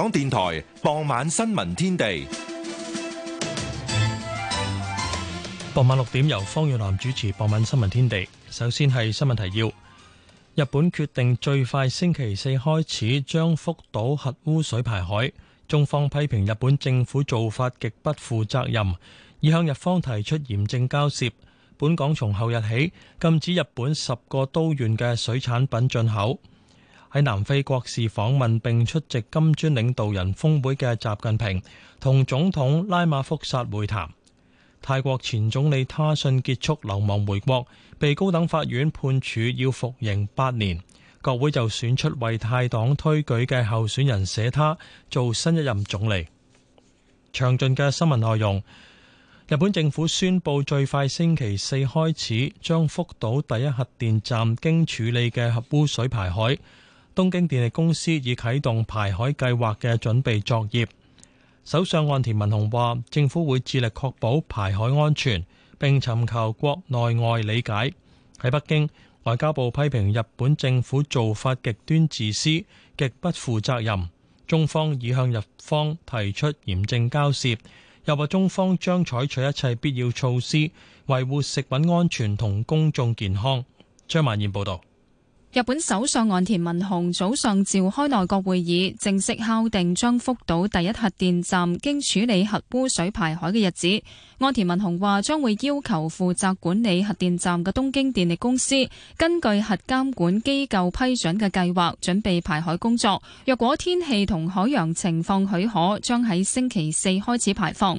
香港電台傍晚新聞天地，傍晚六點由方遠南主持。傍晚新聞天地，首先係新聞提要：日本決定最快星期四開始將福島核污水排海，中方批評日本政府做法極不負責任，已向日方提出嚴正交涉。本港從後日起禁止日本十個都縣嘅水產品進口。喺南非國事訪問並出席金磚領導人峰會嘅習近平同總統拉馬福薩會談。泰國前總理他信結束流亡回國，被高等法院判處要服刑八年。國會就選出為泰黨推舉嘅候選人社他做新一任總理。詳盡嘅新聞內容。日本政府宣布最快星期四開始將福島第一核電站經處理嘅核污水排海。東京電力公司已啟動排海計劃嘅準備作業。首相岸田文雄話，政府會致力確保排海安全，並尋求國內外理解。喺北京，外交部批評日本政府做法極端自私、極不負責任。中方已向日方提出嚴正交涉，又話中方將採取一切必要措施維護食品安全同公眾健康。張萬燕報導。日本首相岸田文雄早上召開內閣會議，正式敲定將福島第一核電站經處理核污水排海嘅日子。岸田文雄話將會要求負責管理核電站嘅東京電力公司，根據核監管機構批准嘅計劃，準備排海工作。若果天氣同海洋情況許可，將喺星期四開始排放。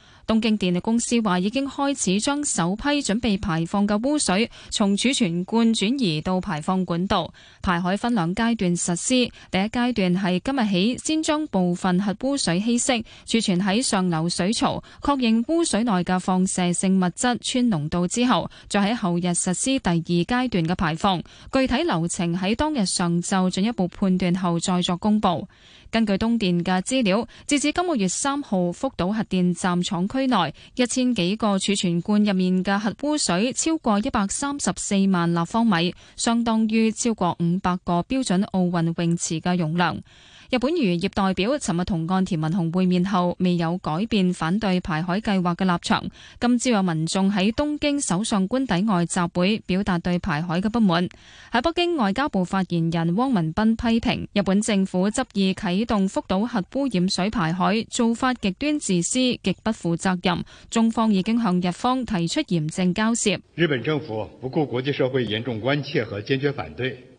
東京電力公司話，已經開始將首批準備排放嘅污水從儲存罐轉移到排放管道，排海分兩階段實施。第一階段係今日起，先將部分核污水稀釋儲存喺上流水槽，確認污水內嘅放射性物質氚濃度之後，再喺後日實施第二階段嘅排放。具體流程喺當日上晝進一步判斷後再作公布。根據東電嘅資料，截至今個月三號，福島核電站廠區內一千幾個儲存罐入面嘅核污水超過一百三十四萬立方米，相當於超過五百個標準奧運泳池嘅容量。日本漁業代表尋日同岸田文雄會面後未有改變反對排海計劃嘅立場，今朝有民眾喺東京首相官邸外集會表達對排海嘅不滿。喺北京外交部發言人汪文斌批評日本政府執意啟動福島核污染水排海，做法極端自私、極不負責任。中方已經向日方提出嚴正交涉。日本政府不顧國際社會嚴重關切和堅決反對，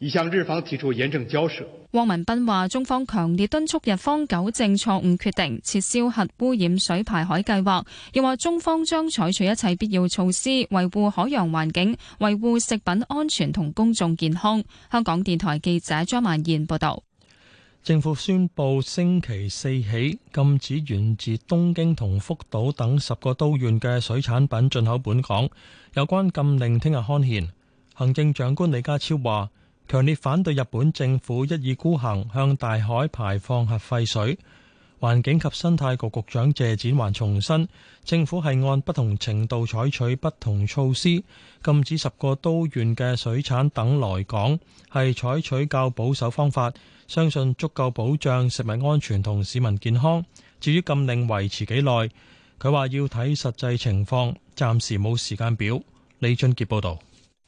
已向日方提出嚴正交涉。汪文斌話，中方強烈敦促日方糾正錯誤決定，撤銷核污染水排海計劃。又話，中方將採取一切必要措施，維護海洋環境、維護食品安全同公眾健康。香港電台記者張萬燕報道。政府宣布星期四起禁止源自東京同福島等十個都縣嘅水產品進口本港。有關禁令聽日刊憲。行政長官李家超話，強烈反對日本政府一意孤行向大海排放核廢水。環境及生態局局長謝展環重申，政府係按不同程度採取不同措施，禁止十個都縣嘅水產等來港，係採取較保守方法，相信足夠保障食物安全同市民健康。至於禁令維持幾耐，佢話要睇實際情況，暫時冇時間表。李俊傑報導。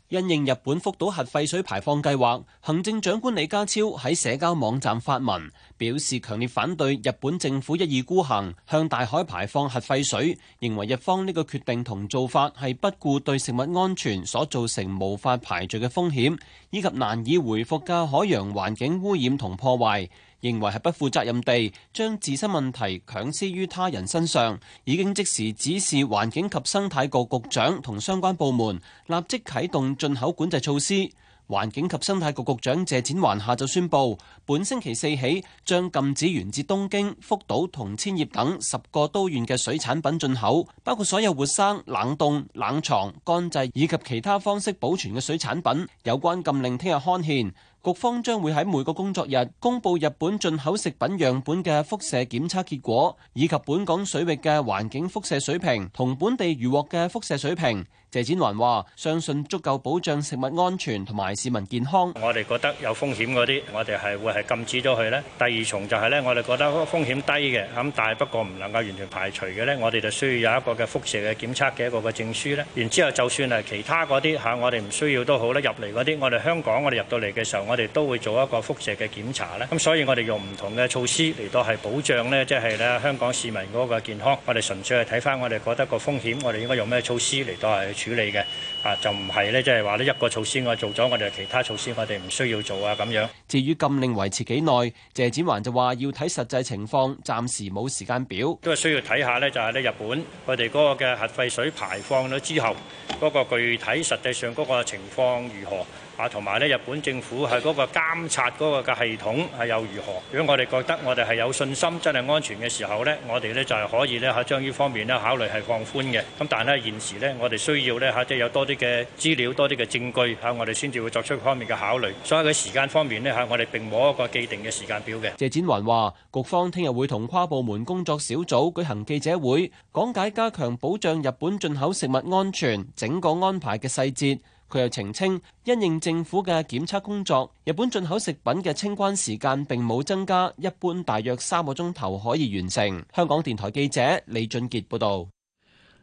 因應日本福島核廢水排放計劃，行政長官李家超喺社交網站發文，表示強烈反對日本政府一意孤行向大海排放核廢水，認為日方呢個決定同做法係不顧對食物安全所造成無法排除嘅風險，以及難以回復嘅海洋環境污染同破壞。認為係不負責任地將自身問題強施於他人身上，已經即時指示環境及生態局局長同相關部門立即啟動進口管制措施。環境及生態局局長謝展寰下晝宣布，本星期四起將禁止源自東京、福島同千葉等十個都縣嘅水產品進口，包括所有活生、冷凍、冷藏、乾製以及其他方式保存嘅水產品。有關禁令聽日刊憲。局方將會喺每個工作日公布日本進口食品樣本嘅輻射檢測結果，以及本港水域嘅環境輻射水平同本地漁獲嘅輻射水平。謝展寰話：相信足夠保障食物安全同埋市民健康。我哋覺得有風險嗰啲，我哋係會係禁止咗佢咧。第二重就係咧，我哋覺得風險低嘅咁，但係不過唔能夠完全排除嘅咧，我哋就需要有一個嘅輻射嘅檢測嘅一個嘅證書咧。然之後就算係其他嗰啲吓，我哋唔需要都好啦，入嚟嗰啲，我哋香港我哋入到嚟嘅時候，我我哋都會做一個輻射嘅檢查咧，咁所以我哋用唔同嘅措施嚟到係保障呢，即係咧香港市民嗰個健康。我哋純粹係睇翻我哋覺得個風險，我哋應該用咩措施嚟到係處理嘅。啊，就唔係咧，即係話呢一個措施我做咗，我哋其他措施我哋唔需要做啊咁樣。至於禁令維持幾耐，謝展環就話要睇實際情況，暫時冇時間表。都係需要睇下呢，就係呢日本佢哋嗰個嘅核廢水排放咗之後，嗰個具體實際上嗰個情況如何？啊，同埋咧，日本政府喺嗰個監察嗰個嘅系統係又如何？如果我哋覺得我哋係有信心真係安全嘅時候呢，我哋呢就係可以咧嚇將呢方面咧考慮係放寬嘅。咁但係咧現時呢，我哋需要呢，嚇即係有多啲嘅資料、多啲嘅證據嚇，我哋先至會作出方面嘅考慮。所以喺時間方面呢，嚇，我哋並冇一個既定嘅時間表嘅。謝展寰話：局方聽日會同跨部門工作小組舉行記者會，講解加強保障日本進口食物安全整個安排嘅細節。佢又澄清，因應政府嘅檢測工作，日本進口食品嘅清關時間並冇增加，一般大約三個鐘頭可以完成。香港電台記者李俊杰報道。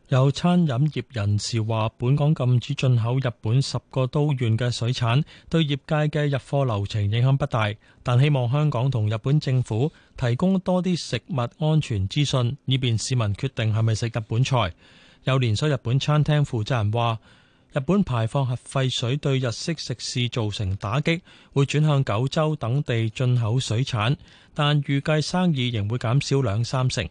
有餐飲業人士話本港禁止進口日本十個都縣嘅水產對業界嘅入貨流程影響不大，但希望香港同日本政府提供多啲食物安全資訊，以便市民決定係咪食日本菜。有連鎖日本餐廳負責人話。日本排放核廢水對日式食肆造成打擊，會轉向九州等地進口水產，但預計生意仍會減少兩三成。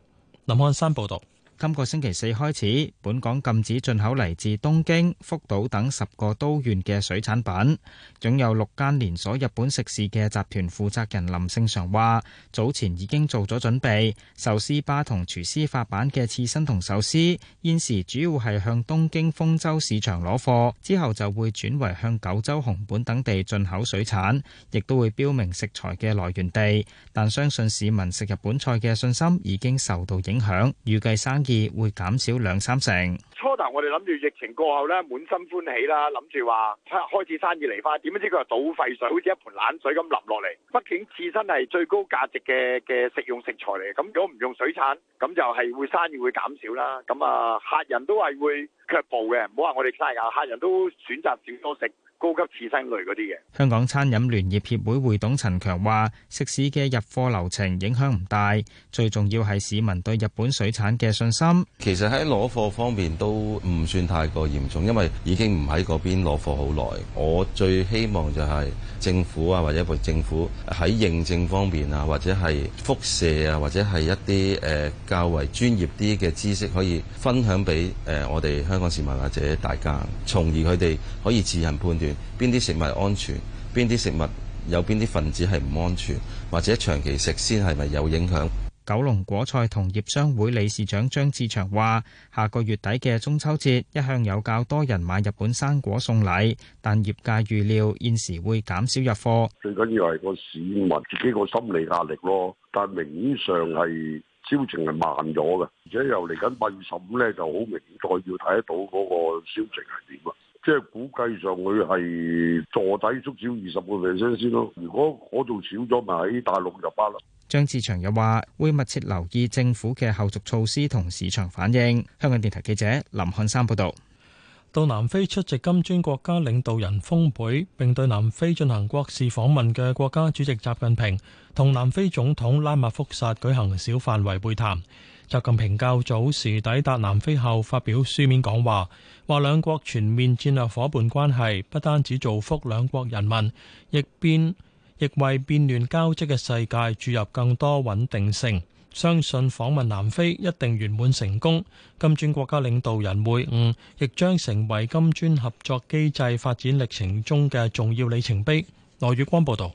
林漢山報導。今個星期四開始，本港禁止進口嚟自東京、福島等十個都縣嘅水產品。總有六間連鎖日本食肆嘅集團負責人林聖常話：早前已經做咗準備，壽司吧同廚師發辦嘅刺身同壽司。現時主要係向東京豐洲市場攞貨，之後就會轉為向九州熊本等地進口水產，亦都會標明食材嘅來源地。但相信市民食日本菜嘅信心已經受到影響，預計生意會減少兩三成。初頭我哋諗住疫情過後咧，滿心歡喜啦，諗住話開始生意嚟翻，點不知佢係倒廢水，好似一盆冷水咁淋落嚟。畢竟刺身係最高價值嘅嘅食用食材嚟，咁如果唔用水產，咁就係會生意會減少啦。咁啊，客人都係會卻步嘅，唔好話我哋生意啊，客人都選擇少多食。高級刺身類啲嘢。香港餐飲聯業協會會董陳強話食肆嘅入貨流程影響唔大，最重要係市民對日本水產嘅信心。其實，喺攞貨方面都唔算太過嚴重，因為已經唔喺嗰邊攞貨好耐。我最希望就係政府啊，或者政府喺認證方面啊，或者係輻射啊，或者係一啲誒較為專業啲嘅知識可以分享俾誒我哋香港市民或者大家，從而佢哋可以自行判斷。邊啲食物安全，邊啲食物有邊啲分子係唔安全，或者長期食先係咪有影響？九龍果菜同業商會理事長張志祥話，下個月底嘅中秋節一向有較多人買日本生果送禮，但業界預料現時會減少入貨。最緊要係個市民自己個心理壓力咯，但明顯上係銷情係慢咗嘅，而且又嚟緊八月十五咧，就好明顯再要睇得到嗰個銷情係點啦。即係估計上會係坐低縮少二十個 percent 先咯。如果嗰度少咗，咪喺大陸入巴啦。張志祥又話：會密切留意政府嘅後續措施同市場反應。香港電台記者林漢山報道。到南非出席金磚國家領導人峰會，並對南非進行國事訪問嘅國家主席習近平，同南非總統拉馬福薩舉行小範圍會談。習近平較早時抵達南非後發表書面講話，話兩國全面戰略伙伴關係不單止造福兩國人民，亦變亦為變亂交織嘅世界注入更多穩定性。相信訪問南非一定圓滿成功。金磚國家領導人會晤亦將成為金磚合作機制發展歷程中嘅重要里程碑。羅宇光報道。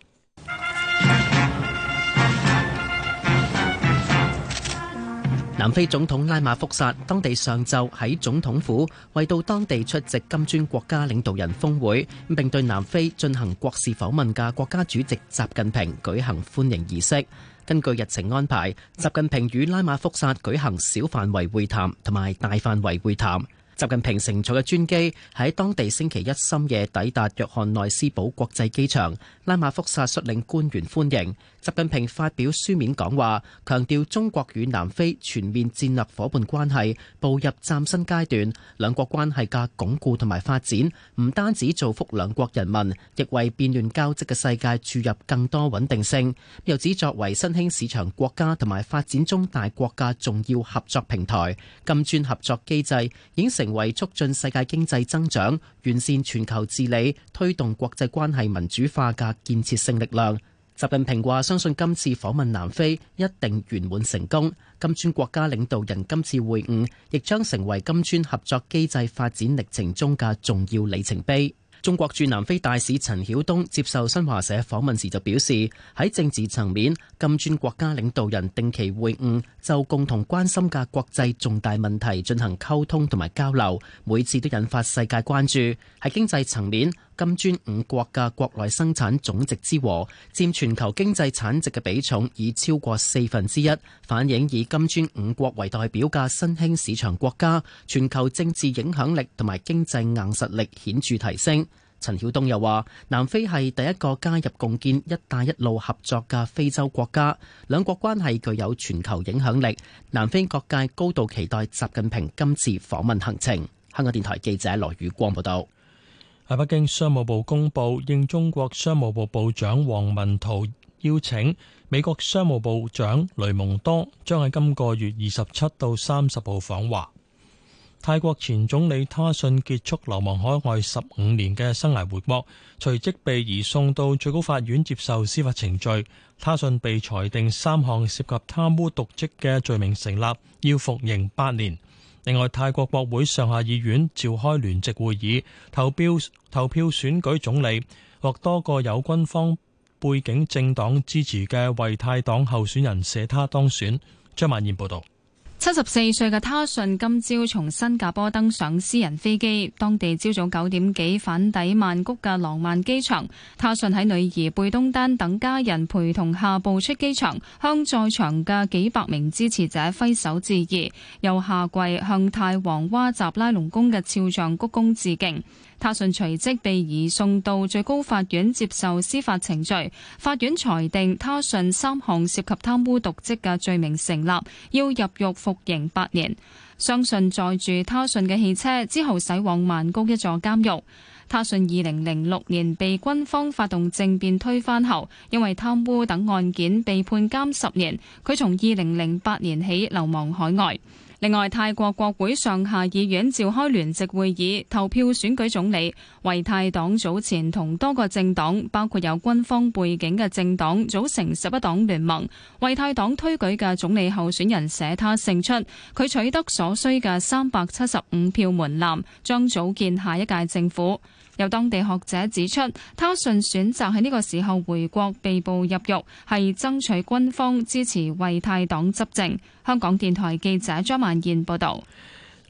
南非總統拉馬福薩當地上晝喺總統府，為到當地出席金磚國家領導人峰會，並對南非進行國事訪問嘅國家主席習近平舉行歡迎儀式。根據日程安排，習近平與拉馬福薩舉行小範圍會談同埋大範圍會談。習近平乘坐嘅專機喺當地星期一深夜抵達約翰內斯堡國際機場，拉馬福薩率領官員歡迎。習近平發表書面講話，強調中國與南非全面戰略夥伴關係步入嶄新階段，兩國關係嘅鞏固同埋發展，唔單止造福兩國人民，亦為變亂交織嘅世界注入更多穩定性。又指作為新興市場國家同埋發展中大國嘅重要合作平台，金磚合作機制已經成為促進世界經濟增長、完善全球治理、推動國際關係民主化嘅建設性力量。習近平話：相信今次訪問南非一定圓滿成功。金磚國家領導人今次會晤，亦將成為金磚合作機制發展歷程中嘅重要里程碑。中國駐南非大使陳曉東接受新華社訪問時就表示：喺政治層面，金磚國家領導人定期會晤，就共同關心嘅國際重大問題進行溝通同埋交流，每次都引發世界關注。喺經濟層面，金磚五國嘅國內生產總值之和佔全球經濟產值嘅比重已超過四分之一，反映以金磚五國為代表嘅新興市場國家，全球政治影響力同埋經濟硬實力顯著提升。陳曉東又話，南非係第一個加入共建“一帶一路”合作嘅非洲國家，兩國關係具有全球影響力。南非各界高度期待習近平今次訪問行程。香港電台記者羅宇光報道。喺北京，商務部公布應中國商務部部長王文濤邀請，美國商務部長雷蒙多將喺今個月二十七到三十號訪華。泰國前總理他信結束流亡海外十五年嘅生涯回國，隨即被移送到最高法院接受司法程序。他信被裁定三項涉及貪污、瀆職嘅罪名成立，要服刑八年。另外，泰國國會上下議院召開聯席會議，投票投票選舉總理，獲多個有軍方背景政黨支持嘅為泰黨候選人舍他當選，張曼燕報道。七十四歲嘅他信今朝從新加坡登上私人飛機，當地朝早九點幾返抵曼谷嘅廊曼機場。他信喺女兒貝東丹等家人陪同下步出機場，向在場嘅幾百名支持者揮手致意，又下跪向泰王哇札拉隆功嘅肖像鞠躬致敬。他信隨即被移送到最高法院接受司法程序，法院裁定他信三項涉及貪污瀆職嘅罪名成立，要入獄服刑八年。相信載住他信嘅汽車之後駛往曼谷一座監獄。他信二零零六年被軍方發動政變推翻後，因為貪污等案件被判監十年，佢從二零零八年起流亡海外。另外，泰國國會上下議院召開聯席會議，投票選舉總理。為泰黨早前同多個政黨，包括有軍方背景嘅政黨，組成十一黨聯盟。為泰黨推舉嘅總理候選人舍他勝出，佢取得所需嘅三百七十五票門檻，將組建下一屆政府。有當地學者指出，他信選擇喺呢個時候回國被捕入獄，係爭取軍方支持為泰黨執政。香港電台記者張曼燕報導。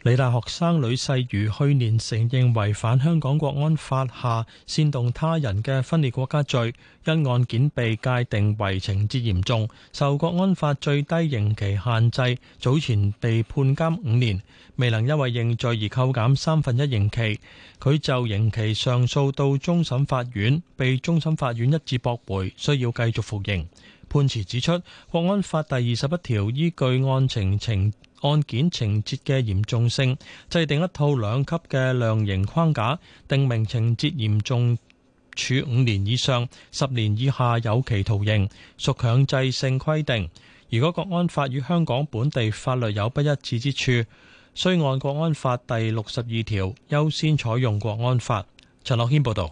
理大學生呂世瑜去年承認違反香港國安法下煽動他人嘅分裂國家罪，因案件被界定為情節嚴重，受國安法最低刑期限制，早前被判監五年，未能因為認罪而扣減三分一刑期。佢就刑期上訴到終審法院，被終審法院一致駁回，需要繼續服刑。判詞指出，國安法第二十一條依據案情情，案件情節嘅嚴重性，制定一套兩級嘅量刑框架，訂明情節嚴重，處五年以上十年以下有期徒刑，屬強制性規定。如果國安法與香港本地法律有不一致之處，須按國安法第六十二條優先採用國安法。陳樂軒報導。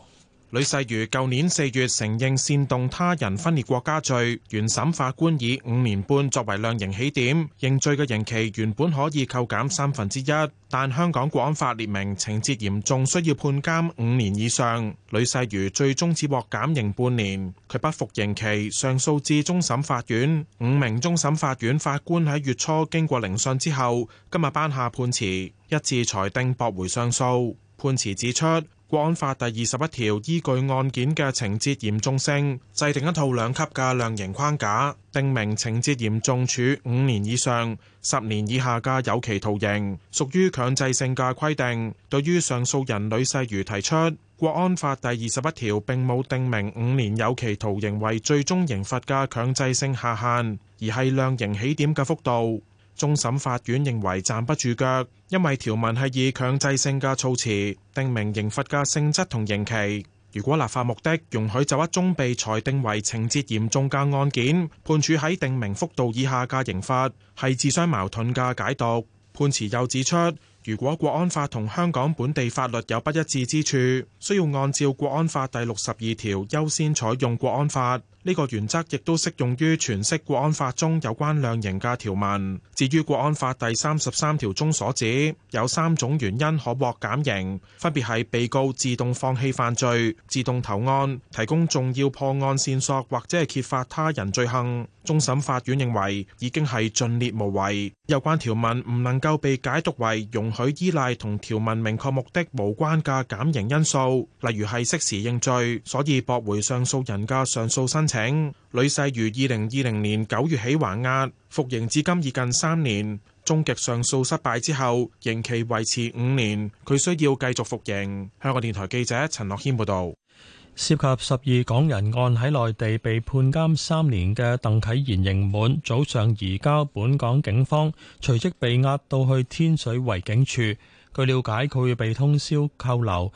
呂世如舊年四月承認煽動他人分裂國家罪，原審法官以五年半作為量刑起點，認罪嘅刑期原本可以扣減三分之一，但香港國安法列明情節嚴重，需要判監五年以上。呂世如最終只獲減刑半年，佢不服刑期上訴至終審法院，五名終審法院法官喺月初經過聆訊之後，今日頒下判詞，一致裁定駁回上訴。判詞指出。國安法第二十一條依據案件嘅情節嚴重性，製定一套兩級嘅量刑框架，定明情節嚴重處五年以上、十年以下嘅有期徒刑，屬於強制性嘅規定。對於上訴人呂世如提出，國安法第二十一條並冇定明五年有期徒刑為最終刑罰嘅強制性下限，而係量刑起點嘅幅度。終審法院認為站不住腳，因為條文係以強制性嘅措辭定明刑罰嘅性質同刑期。如果立法目的容許就一宗被裁定為情節嚴重嘅案件，判處喺定明幅度以下嘅刑罰，係自相矛盾嘅解讀。判詞又指出，如果國安法同香港本地法律有不一致之處，需要按照國安法第六十二條優先採用國安法。呢個原則亦都適用於詮釋國安法》中有關量刑嘅條文。至於國安法》第三十三條中所指有三種原因可獲減刑，分別係被告自動放棄犯罪、自動投案、提供重要破案線索或者係揭發他人罪行。終審法院認為已經係盡列無遺，有關條文唔能夠被解讀為容許依賴同條文明確目的無關嘅減刑因素，例如係適時認罪，所以駁回上訴人嘅上訴申請。請女婿於二零二零年九月起還押服刑，至今已近三年。終極上訴失敗之後，刑期維持五年，佢需要繼續服刑。香港電台記者陳樂謙報道。涉及十二港人案喺內地被判監三年嘅鄧啟賢刑滿，早上移交本港警方，隨即被押到去天水圍警署。據了解，佢會被通宵扣留，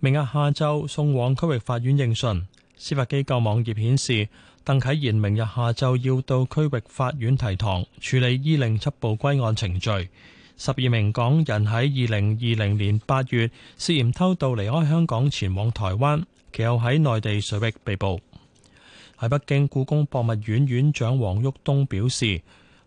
明日下晝送往區域法院應訊。司法機構網頁顯示，鄧啟賢明日下晝要到區域法院提堂處理二零七部歸案程序。十二名港人喺二零二零年八月涉嫌偷渡離開香港前往台灣，其後喺內地水域被捕。喺北京，故宮博物院院，院長王旭東表示，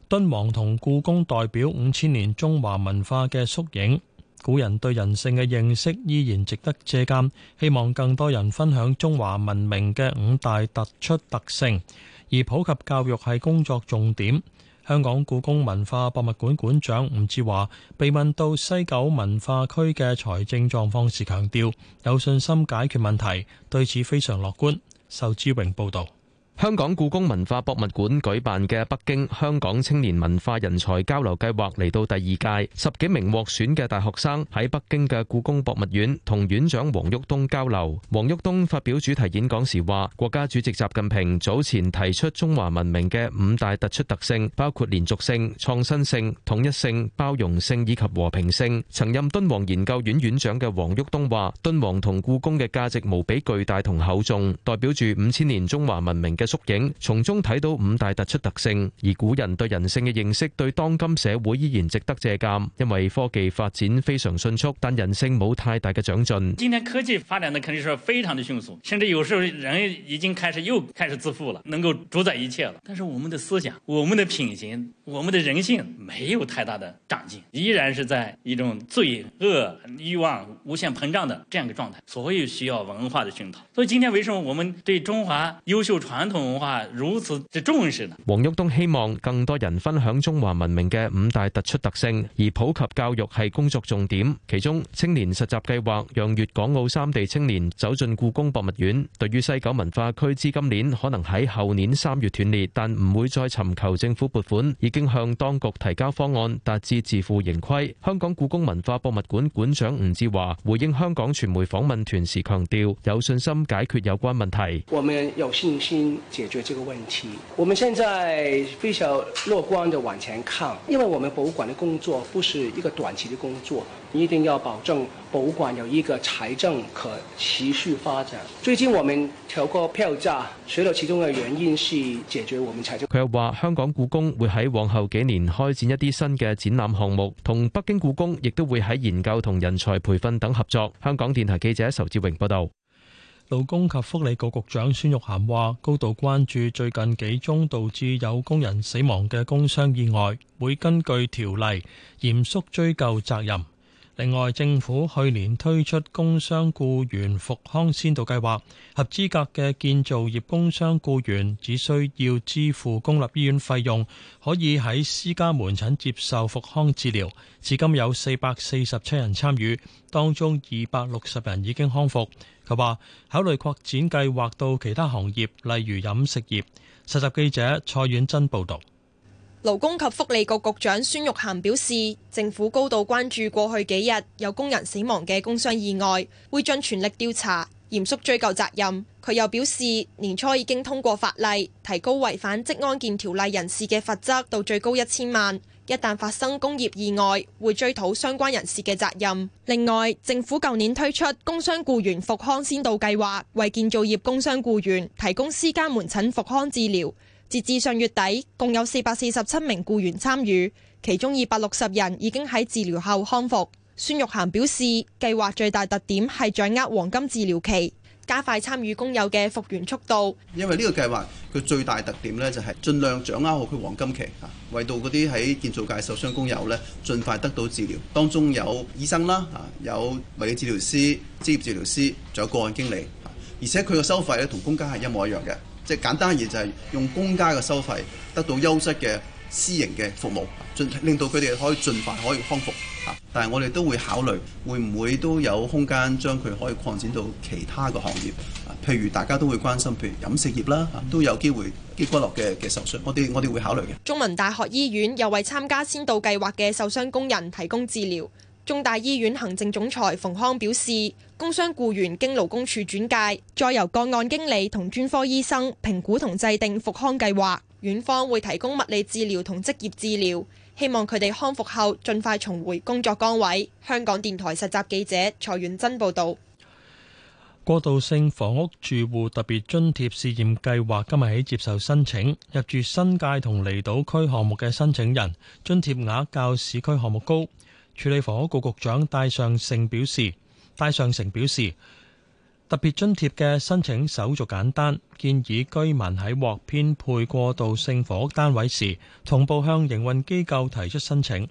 敦煌同故宮代表五千年中華文化嘅縮影。古人對人性嘅認識依然值得借鑒，希望更多人分享中華文明嘅五大突出特性，而普及教育係工作重點，香港故宮文化博物館館長吳志華被問到西九文化區嘅財政狀況時，強調有信心解決問題，對此非常樂觀，受志榮報道。香港故宮文化博物館舉辦嘅北京香港青年文化人才交流計劃嚟到第二屆，十幾名獲選嘅大學生喺北京嘅故宮博物院同院長王旭東交流。王旭東發表主題演講時話，國家主席習近平早前提出中華文明嘅五大突出特性，包括連續性、創新性、統一性、包容性以及和平性。曾任敦煌研究院院長嘅王旭東話，敦煌同故宮嘅價值無比巨大同厚重，代表住五千年中華文明嘅。縮影，從中睇到五大突出特性，而古人對人性嘅認識，對當今社會依然值得借鑑，因為科技發展非常迅速，但人性冇太大嘅長進。今天科技發展的肯定是非常的迅速，甚至有時候人已經開始又開始自負了，能夠主宰一切了。但是我們的思想、我們的品行、我們的人性沒有太大的長進，依然是在一種罪惡、欲望無限膨脹的這樣一個狀態，所以需要文化的熏陶。所以今天為什麼我們對中華優秀傳統？文化如此之重視呢？王旭東希望更多人分享中華文明嘅五大突出特性，而普及教育係工作重點。其中青年實習計劃讓粵港澳三地青年走進故宮博物院。對於西九文化區資金鏈可能喺後年三月斷裂，但唔會再尋求政府撥款，已經向當局提交方案達至自負盈虧。香港故宮文化博物館館長吳志華回應香港傳媒訪問團時強調，有信心解決有關問題。我們有信心。解決這個問題，我們現在非常樂觀地往前看，因為我們博物館的工作不是一個短期的工作，一定要保證博物館有一個財政可持續發展。最近我們調過票價，除了其中的原因是解決我們財政。佢又話香港故宮會喺往後幾年開展一啲新嘅展覽項目，同北京故宮亦都會喺研究同人才培訓等合作。香港電台記者仇志榮報道。勞工及福利局局長孫玉菡話：高度關注最近幾宗導致有工人死亡嘅工傷意外，會根據條例嚴肅追究責任。另外，政府去年推出工傷雇員復康先導計劃，合資格嘅建造業工傷雇員只需要支付公立醫院費用，可以喺私家門診接受復康治療。至今有四百四十七人參與，當中二百六十人已經康復。佢話考慮擴展計劃到其他行業，例如飲食業。實習記者蔡遠珍報道。勞工及福利局局長孫玉菡表示，政府高度關注過去幾日有工人死亡嘅工傷意外，會盡全力調查，嚴肅追究責任。佢又表示，年初已經通過法例，提高違反職安健條例人士嘅罰則到最高一千萬，一旦發生工業意外，會追討相關人士嘅責任。另外，政府舊年推出工傷僱員復康先導計劃，為建造業工傷僱員提供私家門診復康治療。截至上月底，共有四百四十七名僱員參與，其中二百六十人已經喺治療後康復。孫玉菡表示，計劃最大特點係掌握黃金治療期，加快參與工友嘅復原速度。因為呢個計劃佢最大特點咧就係盡量掌握好佢黃金期啊，為到嗰啲喺建造界受傷工友咧盡快得到治療。當中有醫生啦，啊有物理治療師、職業治療師、仲有個案經理，而且佢嘅收費咧同公家係一模一樣嘅。即係簡單而言就係用公家嘅收費得到優質嘅私營嘅服務，進令到佢哋可以儘快可以康復。啊，但係我哋都會考慮，會唔會都有空間將佢可以擴展到其他嘅行業？啊，譬如大家都會關心，譬如飲食業啦，都有機會激骨落嘅嘅受傷。我哋我哋會考慮嘅。中文大學醫院又為參加先導計劃嘅受傷工人提供治療。中大醫院行政總裁馮康表示，工傷僱員經勞工處轉介，再由個案經理同專科醫生評估同制定復康計劃。院方會提供物理治療同職業治療，希望佢哋康復後盡快重回工作崗位。香港電台實習記者蔡婉珍報道。過渡性房屋住戶特別津貼試驗計劃今日起接受申請，入住新界同離島區項目嘅申請人津貼額較市區項目高。處理房屋局局長戴尚誠表示，戴尚誠表示特別津貼嘅申請手續簡單，建議居民喺獲編配過渡性房屋單位時，同步向營運機構提出申請。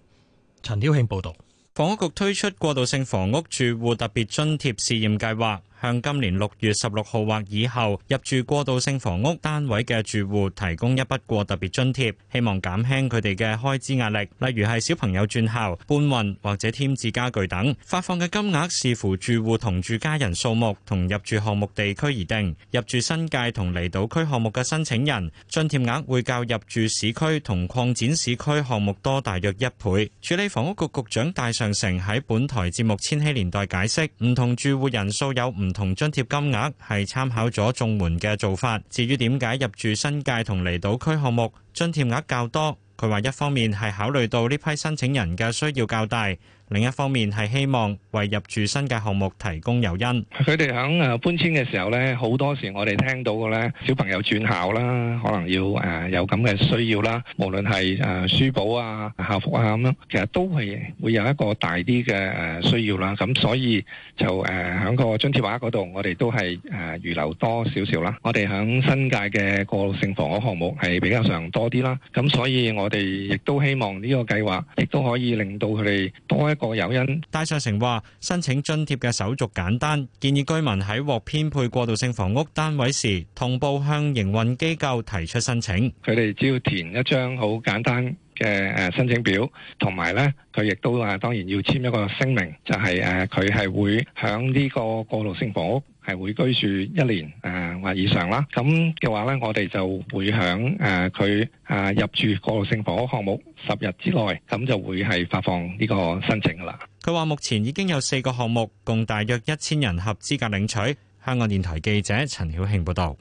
陳曉慶報導。房屋局推出過渡性房屋住戶特別津貼試驗計劃。向今年六月十六號或以後入住過渡性房屋單位嘅住戶提供一筆過特別津貼，希望減輕佢哋嘅開支壓力，例如係小朋友轉校、搬運或者添置傢俱等。發放嘅金額視乎住戶同住家人數目同入住項目地區而定。入住新界同離島區項目嘅申請人，津貼額會較入住市區同擴展市區項目多大約一倍。署理房屋局局長戴尚成喺本台節目《千禧年代》解釋，唔同住戶人數有唔同。同津貼金額係參考咗綜援嘅做法，至於點解入住新界同離島區項目，津貼額較多，佢話一方面係考慮到呢批申請人嘅需要較大。另一方面係希望為入住新界項目提供誘因。佢哋響誒搬遷嘅時候咧，好多時我哋聽到嘅咧，小朋友轉校啦，可能要誒有咁嘅需要啦。無論係誒書簿啊、校服啊咁樣，其實都係會有一個大啲嘅誒需要啦。咁所以就誒響個津貼畫嗰度，我哋都係誒預留多少少啦。我哋響新界嘅過渡性房屋項目係比較上多啲啦。咁所以我哋亦都希望呢個計劃亦都可以令到佢哋多一。各有因。戴尚成話，申請津貼嘅手續簡單，建議居民喺獲編配過渡性房屋單位時，同步向營運機構提出申請。佢哋只要填一張好簡單嘅誒申請表，同埋咧，佢亦都啊當然要簽一個聲明，就係誒佢係會響呢個過渡性房屋係會居住一年誒或以上啦。咁嘅話咧，我哋就會響誒佢誒入住過渡性房屋項目十日之內，咁就會係發放呢個申請噶啦。佢話目前已經有四個項目，共大約一千人合資格領取。香港電台記者陳曉慶報道。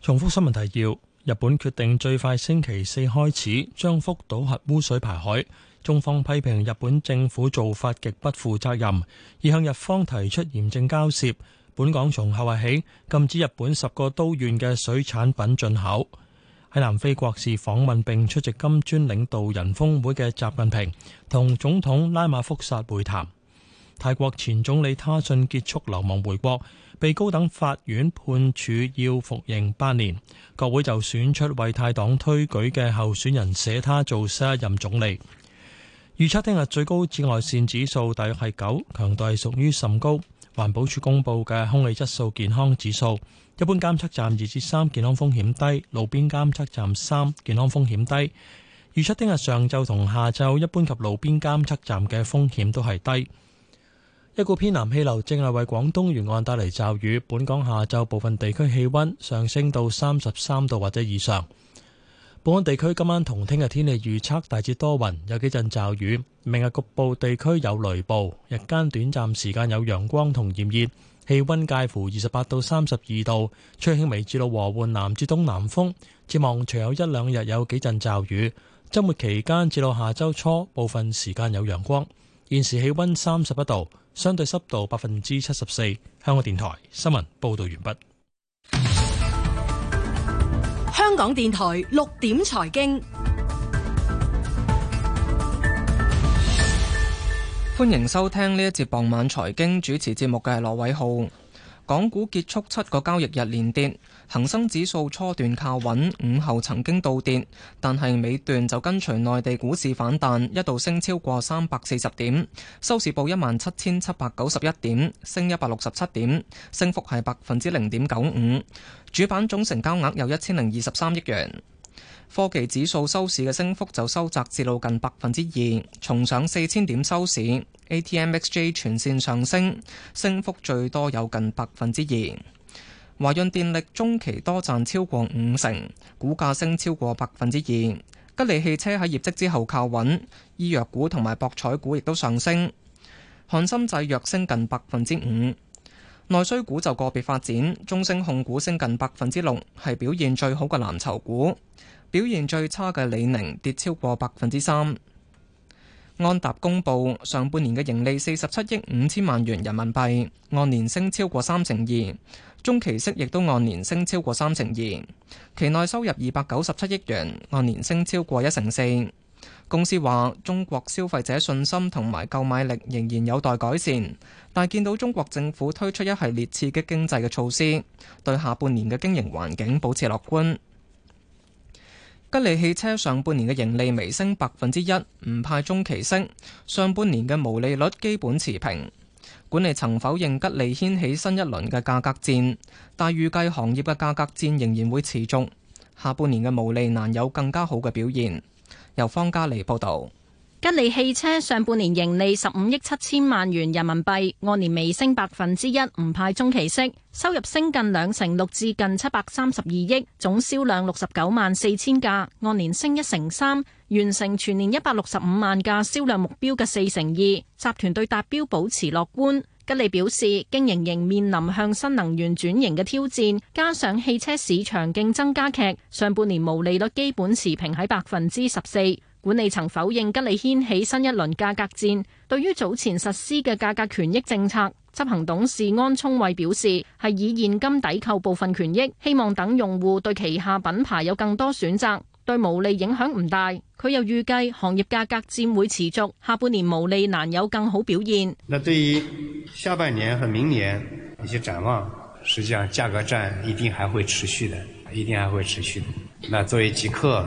重複新聞提要。日本決定最快星期四開始將福島核污水排海，中方批評日本政府做法極不負責任，已向日方提出嚴正交涉。本港從後日起禁止日本十個都縣嘅水產品進口。喺南非國事訪問並出席金磚領導人峰會嘅習近平同總統拉馬福薩會談。泰國前總理他信結束流亡回國，被高等法院判處要服刑八年。國會就選出為泰黨推舉嘅候選人，寫他做新一任總理。預測聽日最高紫外線指數大約係九，強度係屬於甚高。環保署公布嘅空氣質素健康指數，一般監測站二至三，健康風險低；路邊監測站三，健康風險低。預測聽日上晝同下晝，一般及路邊監測站嘅風險都係低。一股偏南氣流正係為廣東沿岸帶嚟驟雨，本港下晝部分地區氣温上升到三十三度或者以上。本港地區今晚同聽日天氣預測大致多雲，有幾陣驟雨。明日局部地區有雷暴，日間短暫時間有陽光同炎熱，氣温介乎二十八到三十二度，吹輕微至到和緩南至東南風。展望除有一兩日有幾陣驟雨，周末期間至到下周初部分時間有陽光。現時氣温三十一度。相對濕度百分之七十四。香港電台新聞報道完畢。香港電台六點財經，歡迎收聽呢一節傍晚財經主持節目嘅係羅偉浩。港股結束七個交易日連跌，恒生指數初段靠穩，午後曾經倒跌，但係尾段就跟隨內地股市反彈，一度升超過三百四十點，收市報一萬七千七百九十一點，升一百六十七點，升幅係百分之零點九五，主板總成交額有一千零二十三億元。科技指數收市嘅升幅就收窄至到近百分之二，重上四千點收市。A T M X J 全線上升，升幅最多有近百分之二。華潤電力中期多賺超過五成，股價升超過百分之二。吉利汽車喺業績之後靠穩，醫藥股同埋博彩股亦都上升。瀚森製藥升近百分之五，內需股就個別發展，中升控股升近百分之六，係表現最好嘅藍籌股。表現最差嘅李寧跌超過百分之三。安踏公布上半年嘅盈利四十七億五千萬元人民幣，按年升超過三成二，中期息亦都按年升超過三成二。期內收入二百九十七億元，按年升超過一成四。公司話，中國消費者信心同埋購買力仍然有待改善，但係見到中國政府推出一系列刺激經濟嘅措施，對下半年嘅經營環境保持樂觀。吉利汽車上半年嘅盈利微升百分之一，唔派中期息。上半年嘅毛利率基本持平。管理層否認吉利掀起新一輪嘅價格戰，但預計行業嘅價格戰仍然會持續。下半年嘅毛利難有更加好嘅表現。由方嘉利報道。吉利汽車上半年盈利十五億七千萬元人民幣，按年微升百分之一，唔派中期息，收入升近兩成六至近七百三十二億，總銷量六十九萬四千架，按年升一成三，完成全年一百六十五萬架銷量目標嘅四成二。集團對達標保持樂觀。吉利表示，經營仍面臨向新能源轉型嘅挑戰，加上汽車市場競爭加劇，上半年毛利率基本持平喺百分之十四。管理層否認吉利掀起新一輪價格戰。對於早前實施嘅價格權益政策，執行董事安聰慧表示：係以現金抵扣部分權益，希望等用戶對旗下品牌有更多選擇，對毛利影響唔大。佢又預計行業價格戰會持續，下半年毛利難有更好表現。那對於下半年和明年一些展望，實際上價格戰一定還會持續的，一定還會持續的。那作為極客。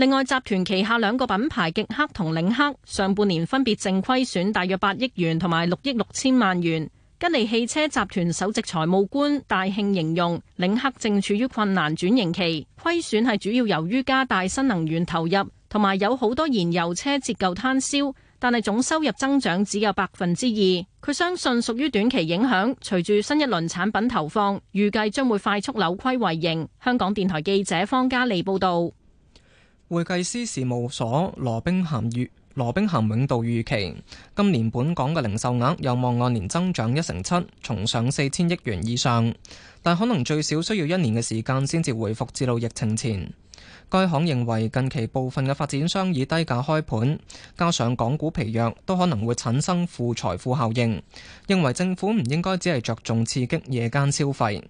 另外，集團旗下兩個品牌極客同領克上半年分別淨虧損大約八億元同埋六億六千萬元。吉利汽車集團首席財務官大慶形容，領克正處於困難轉型期，虧損係主要由於加大新能源投入，同埋有好多燃油車折舊攤銷。但係總收入增長只有百分之二。佢相信屬於短期影響，隨住新一輪產品投放，預計將會快速扭虧為盈。香港電台記者方嘉利報導。會計師事務所羅冰涵預羅冰涵永道預期，今年本港嘅零售額有望按年增長一成七，從上四千億元以上，但可能最少需要一年嘅時間先至回復至到疫情前。該行認為近期部分嘅發展商以低價開盤，加上港股疲弱，都可能會產生負財富效應。認為政府唔應該只係着重刺激夜間消費。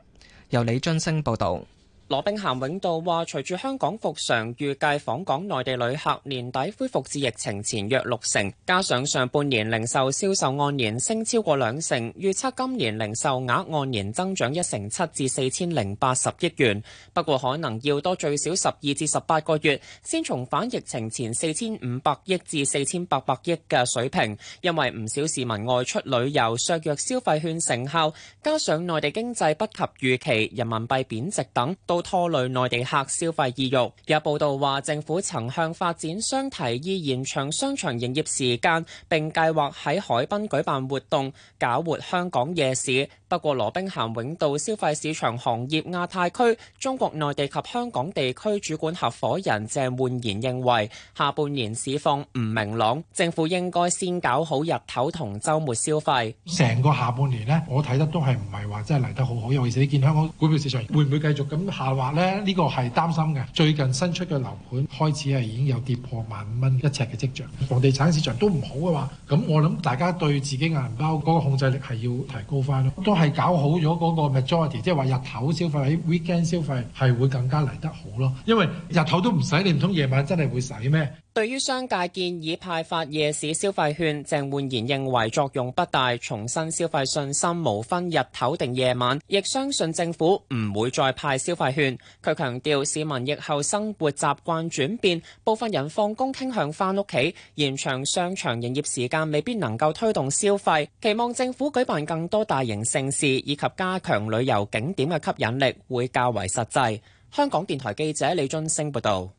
由李津升報導。羅兵咸永道話，隨住香港復常，預計訪港內地旅客年底恢復至疫情前約六成，加上上半年零售銷售按年升超過兩成，預測今年零售額按年增長一成七至四千零八十億元。不過可能要多最少十二至十八個月，先重返疫情前四千五百億至四千八百億嘅水平，因為唔少市民外出旅遊削弱消費券成效，加上內地經濟不及預期，人民幣貶值等，拖累內地客消費意慾。有報道話，政府曾向發展商提議延長商場營業時間，並計劃喺海濱舉辦活動，搞活香港夜市。不過，羅兵咸永道消費市場行業亞太區中國內地及香港地區主管合夥人鄭煥然認為，下半年市況唔明朗，政府應該先搞好日頭同周末消費。成個下半年呢，我睇得都係唔係話真係嚟得好好，尤其是你見香港股票市場會唔會繼續咁話咧呢、呢個係擔心嘅，最近新出嘅樓盤開始係已經有跌破萬五蚊一尺嘅跡象，房地產市場都唔好嘅話，咁我諗大家對自己銀包嗰個控制力係要提高翻咯，都係搞好咗嗰個 majority，即係話日頭消費喺 weekend 消費係會更加嚟得好咯，因為日頭都唔使，你唔通夜晚真係會使咩？對於商界建議派發夜市消費券，鄭煥賢認為作用不大，重申消費信心無分日頭定夜晚，亦相信政府唔會再派消費券。佢強調市民疫後生活習慣轉變，部分人放工傾向翻屋企，延長商場營業時間未必能夠推動消費。期望政府舉辦更多大型盛事以及加強旅遊景點嘅吸引力，會較為實際。香港電台記者李津升報道。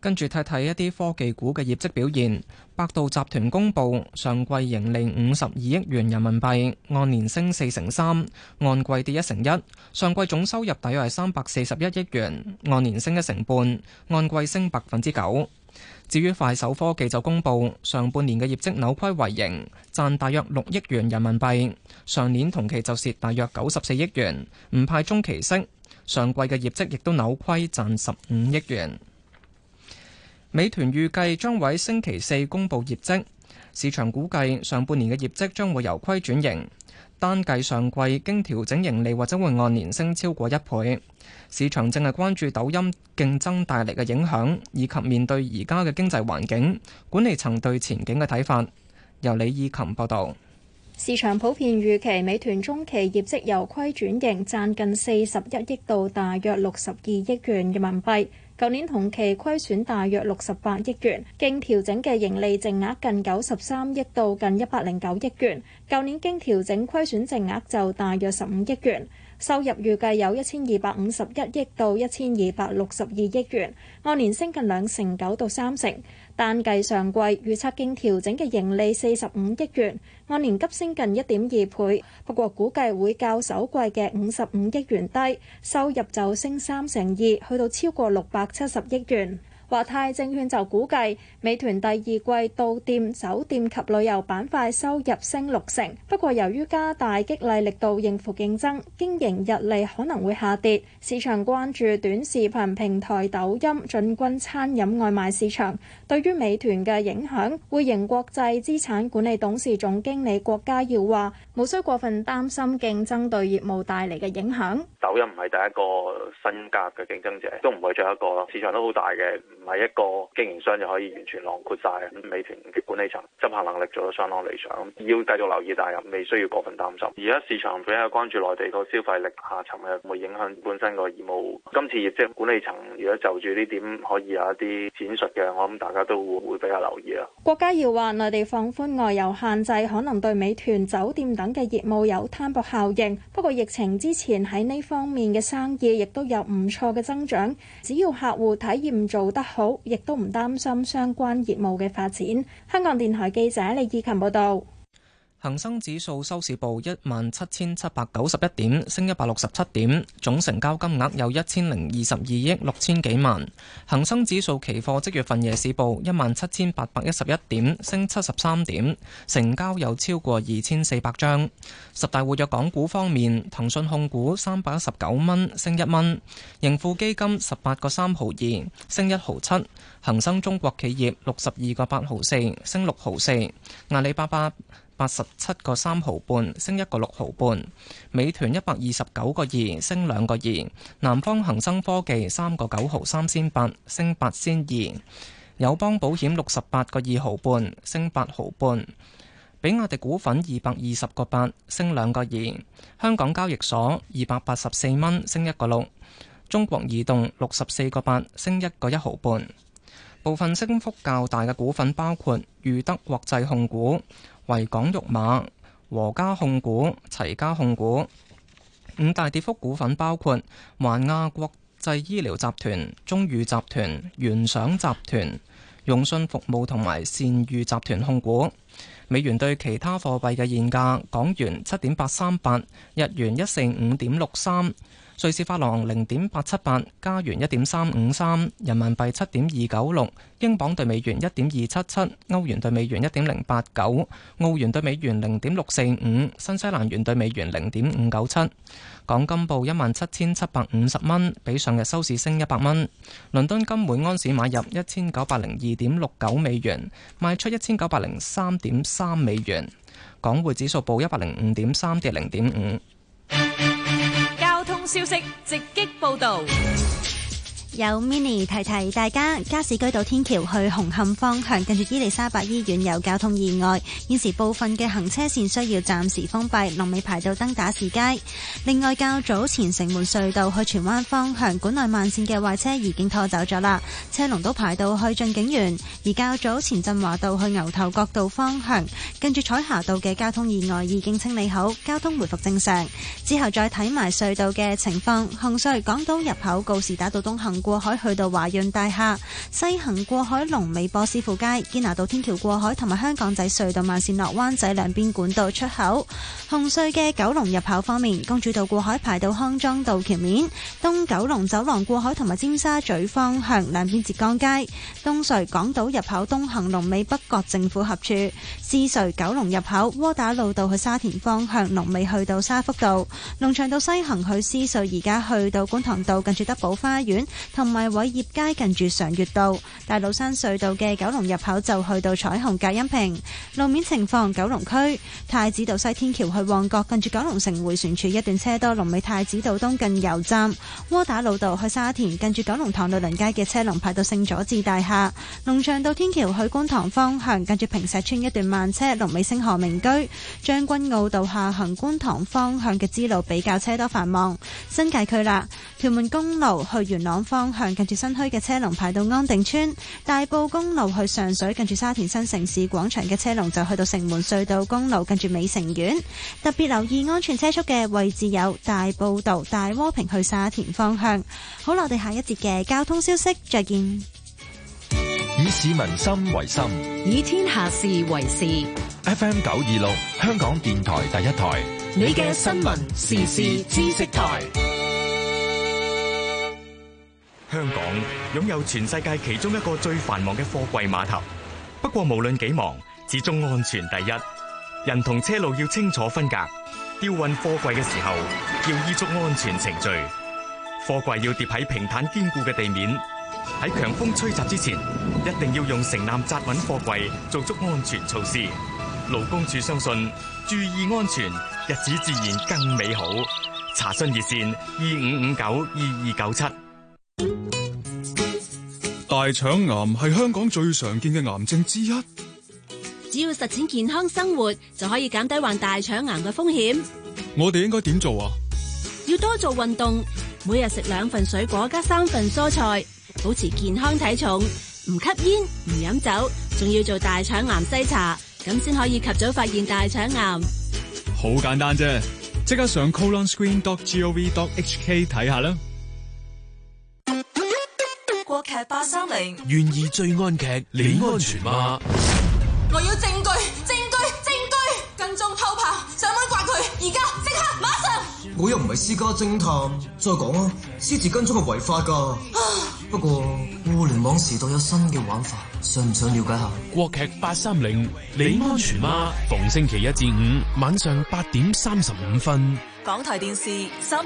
跟住睇睇一啲科技股嘅業績表現。百度集團公佈上季盈利五十二億元人民幣，按年升四成三，按季跌一成一。上季總收入大約係三百四十一億元，按年升一成半，按季升百分之九。至於快手科技就公佈上半年嘅業績扭虧為盈，賺大約六億元人民幣。上年同期就蝕大約九十四億元，唔派中期息。上季嘅業績亦都扭虧賺十五億元。美團預計將喺星期四公布業績，市場估計上半年嘅業績將會由虧轉盈。單計上季經調整盈利，或者會按年升超過一倍。市場正係關注抖音競爭帶嚟嘅影響，以及面對而家嘅經濟環境，管理層對前景嘅睇法。由李以琴報道。市場普遍預期美團中期業績由虧轉盈，賺近四十一億到大約六十二億元人民幣。舊年同期虧損大約六十八億元，經調整嘅盈利淨額近九十三億到近一百零九億元。舊年經調整虧損淨額就大約十五億元，收入預計有一千二百五十一億到一千二百六十二億元，按年升近兩成九到三成。單計上季預測經調整嘅盈利四十五億元，按年急升近一點二倍。不過估計會較首季嘅五十五億元低，收入就升三成二，去到超過六百七十億元。華泰證券就估計，美團第二季到店、酒店及旅遊板塊收入升六成。不過，由於加大激勵力度應付競爭，經營溢利可能會下跌。市場關注短視頻平台抖音進軍餐飲外賣市場，對於美團嘅影響。匯盈國際資產管理董事總經理郭家耀話：無需過分擔心競爭對業務帶嚟嘅影響。抖音唔係第一個新加入嘅競爭者，都唔係最後一個咯。市場都好大嘅。唔係一個經營商就可以完全囊括晒。咁美團嘅管理層執行能力做得相當理想，要繼續留意，但係未需要過分擔心。而家市場比較關注內地個消費力下沉係，會影響本身個業務。今次業績管理層如果就住呢點可以有一啲展述嘅，我諗大家都會比較留意啦。國家要話內地放寬外遊限制，可能對美團酒店等嘅業務有攤薄效應。不過疫情之前喺呢方面嘅生意亦都有唔錯嘅增長，只要客戶體驗做得好，亦都唔擔心相關業務嘅發展。香港電台記者李意琴報道。恒生指數收市報一萬七千七百九十一點，升一百六十七點，總成交金額有一千零二十二億六千幾萬。恒生指數期貨即月份夜市報一萬七千八百一十一點，升七十三點，成交有超過二千四百張。十大活躍港股方面，騰訊控股三百一十九蚊，升一蚊；盈富基金十八個三毫二，升一毫七；恒生中國企業六十二個八毫四，升六毫四；阿里巴巴。八十七個三毫半，5，升一個六毫半。美團一百二十九個二，升兩個二。南方恒生科技三個九毫三千八，升八千二。友邦保險六十八個二毫半，升八毫半。比亞迪股份二百二十個八，升兩個二。香港交易所二百八十四蚊，升一個六。中國移動六十四個八，升一個一毫半。部分升幅較大嘅股份包括裕德國際控股。維港玉馬、和家控股、齊家控股五大跌幅股份，包括環亞國際醫療集團、中宇集團、元想集團、融信服務同埋善譽集團控股。美元對其他貨幣嘅現價：港元七點八三八，日元一四五點六三。瑞士法郎零點八七八，加元一點三五三，人民幣七點二九六，英鎊兌美元一點二七七，歐元兌美元一點零八九，澳元兌美元零點六四五，新西蘭元兌美元零點五九七。港金報一萬七千七百五十蚊，比上日收市升一百蚊。倫敦金每安士買入一千九百零二點六九美元，賣出一千九百零三點三美元。港匯指數報一百零五點三跌零點五。消息直擊報導。有 mini 提提大家，加士居道天橋去紅磡方向，跟住伊利沙伯醫院有交通意外，現時部分嘅行車線需要暫時封閉，龍尾排到登打士街。另外，較早前城門隧道去荃灣方向，管內慢線嘅壞車已經拖走咗啦，車龍都排到去駿景園。而較早前振華道去牛頭角道方向，跟住彩霞道嘅交通意外已經清理好，交通回復正常。之後再睇埋隧道嘅情況，紅隧港島入口告士打道東行。過海去到華潤大廈，西行過海龍尾波斯富街、堅拿道天橋過海同埋香港仔隧道慢綫落灣仔兩邊管道出口。紅隧嘅九龍入口方面，公主道過海排到康莊道橋面，東九龍走廊過海同埋尖沙咀方向兩邊浙江街。東隧港島入口東行龍尾北角政府合處，獅隧九龍入口窩打老道去沙田方向龍尾去到沙福道，龍翔道西行去獅隧而家去到觀塘道近住德寶花園。同埋偉業街近住常悅道，大老山隧道嘅九龍入口就去到彩虹隔音屏。路面情況，九龍區太子道西天橋去旺角近住九龍城回旋處一段車多，龍尾太子道東近油站。窩打老道去沙田近住九龍塘樂鄰街嘅車龍排到聖佐治大廈，龍翔道天橋去觀塘方向近住平石村一段慢車，龍尾星河明居，將軍澳道下行觀塘方向嘅支路比較車多繁忙，新界區啦，屯門公路去元朗方方向近住新墟嘅車龍排到安定村，大埔公路去上水，近住沙田新城市廣場嘅車龍就去到城門隧道公路，近住美城苑。特別留意安全車速嘅位置有大埔道、大窩坪去沙田方向。好啦，我哋下一節嘅交通消息再見。以市民心為心，以天下事為事。FM 九二六，香港電台第一台，你嘅新聞時事知識台。香港擁有全世界其中一個最繁忙嘅貨櫃碼頭。不過無論幾忙，始終安全第一。人同車路要清楚分隔。吊運貨櫃嘅時候，要依足安全程序。貨櫃要疊喺平坦堅固嘅地面。喺強風吹襲之前，一定要用承纜紮穩貨櫃，做足安全措施。勞工處相信，注意安全，日子自然更美好。查詢熱線：二五五九二二九七。大腸癌係香港最常見嘅癌症之一，只要實踐健康生活就可以減低患大腸癌嘅風險。我哋應該點做啊？要多做運動，每日食兩份水果加三份蔬菜，保持健康體重，唔吸煙唔飲酒，仲要做大腸癌篩查，咁先可以及早發現大腸癌。好簡單啫、啊，即刻上 colonscreen.gov.hk 睇下啦。劇八三零，懸疑最安劇，你安全嗎？我要證據，證據，證據，跟蹤偷拍，想搵刮佢，而家即刻馬上。我又唔係私家偵探，再講啊，私自跟蹤係違法㗎。啊、不過互聯網時代有新嘅玩法，想唔想了解下？劇八三零，你安全嗎？逢星期一至五晚上八點三十五分，港台電視三。